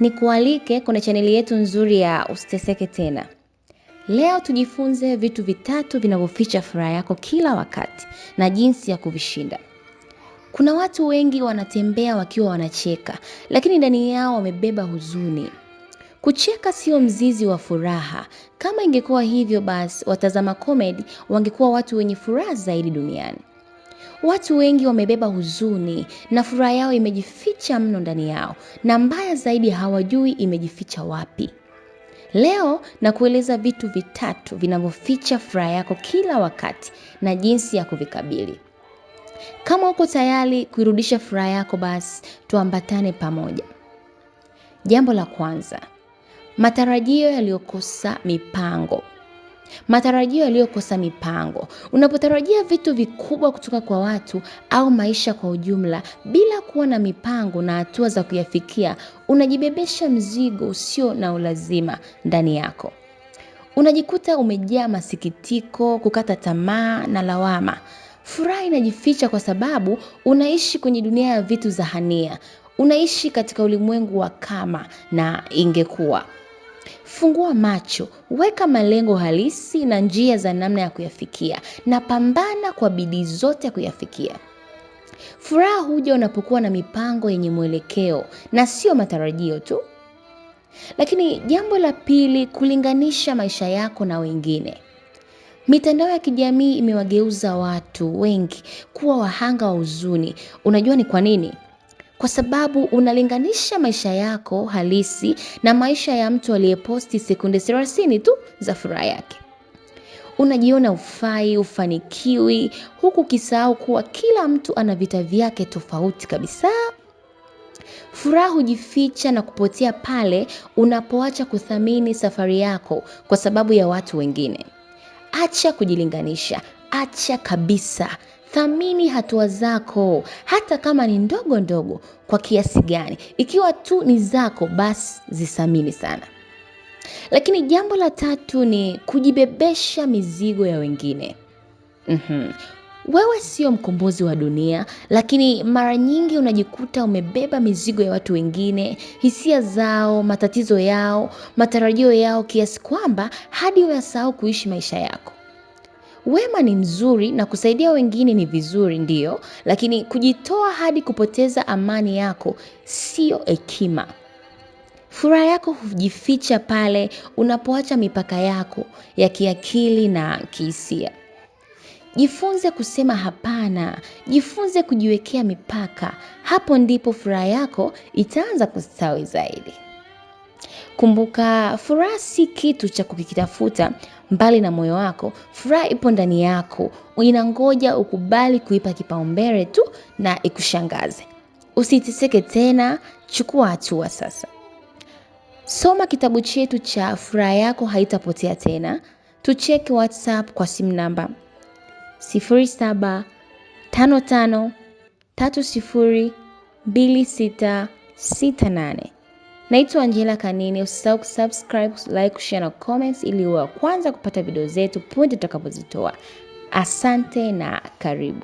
ni kualike kwenye chaneli yetu nzuri ya Usiteseke Tena. Leo tujifunze vitu vitatu vinavyoficha furaha yako kila wakati na jinsi ya kuvishinda. Kuna watu wengi wanatembea wakiwa wanacheka, lakini ndani yao wamebeba huzuni. Kucheka sio mzizi wa furaha. Kama ingekuwa hivyo, basi watazama komedi wangekuwa watu wenye furaha zaidi duniani. Watu wengi wamebeba huzuni na furaha yao imejificha mno ndani yao, na mbaya zaidi hawajui imejificha wapi. Leo na kueleza vitu vitatu vinavyoficha furaha yako kila wakati na jinsi ya kuvikabili. Kama uko tayari kuirudisha furaha yako, basi tuambatane pamoja. Jambo la kwanza, matarajio yaliyokosa mipango. Matarajio yaliyokosa mipango. Unapotarajia vitu vikubwa kutoka kwa watu au maisha kwa ujumla bila kuwa na mipango na hatua za kuyafikia, unajibebesha mzigo usio na ulazima ndani yako. Unajikuta umejaa masikitiko, kukata tamaa na lawama. Furaha inajificha kwa sababu unaishi kwenye dunia ya vitu za hania. Unaishi katika ulimwengu wa kama na ingekuwa. Fungua macho, weka malengo halisi na njia za namna ya kuyafikia na pambana kwa bidii zote ya kuyafikia. Furaha huja unapokuwa na mipango yenye mwelekeo na sio matarajio tu. Lakini jambo la pili, kulinganisha maisha yako na wengine. Mitandao ya kijamii imewageuza watu wengi kuwa wahanga wa huzuni. Unajua ni kwa nini? kwa sababu unalinganisha maisha yako halisi na maisha ya mtu aliyeposti sekunde 30 tu za furaha yake. Unajiona ufai, ufanikiwi, huku ukisahau kuwa kila mtu ana vita vyake tofauti kabisa. Furaha hujificha na kupotea pale unapoacha kuthamini safari yako kwa sababu ya watu wengine. Acha kujilinganisha, acha kabisa. Thamini hatua zako hata kama ni ndogo ndogo kwa kiasi gani. Ikiwa tu ni zako, basi zithamini sana. Lakini jambo la tatu ni kujibebesha mizigo ya wengine. Mm-hmm. Wewe sio mkombozi wa dunia, lakini mara nyingi unajikuta umebeba mizigo ya watu wengine, hisia zao, matatizo yao, matarajio yao, kiasi kwamba hadi unasahau kuishi maisha yako. Wema ni mzuri na kusaidia wengine ni vizuri, ndiyo, lakini kujitoa hadi kupoteza amani yako siyo hekima. Furaha yako hujificha pale unapoacha mipaka yako ya kiakili na kihisia. Jifunze kusema hapana, jifunze kujiwekea mipaka. Hapo ndipo furaha yako itaanza kustawi zaidi. Kumbuka, furaha si kitu cha kukikitafuta mbali na moyo wako. Furaha ipo ndani yako, inangoja ukubali kuipa kipaumbele tu na ikushangaze. Usiteseke tena, chukua hatua sasa. Soma kitabu chetu cha Furaha Yako Haitapotea Tena. Tucheke WhatsApp kwa simu namba 0755302668. Naitwa Angela Kanini. Usisahau kusubscribe, like, kushare na comments ili uwe wa kwanza kupata video zetu punde tutakapozitoa. Asante na karibu.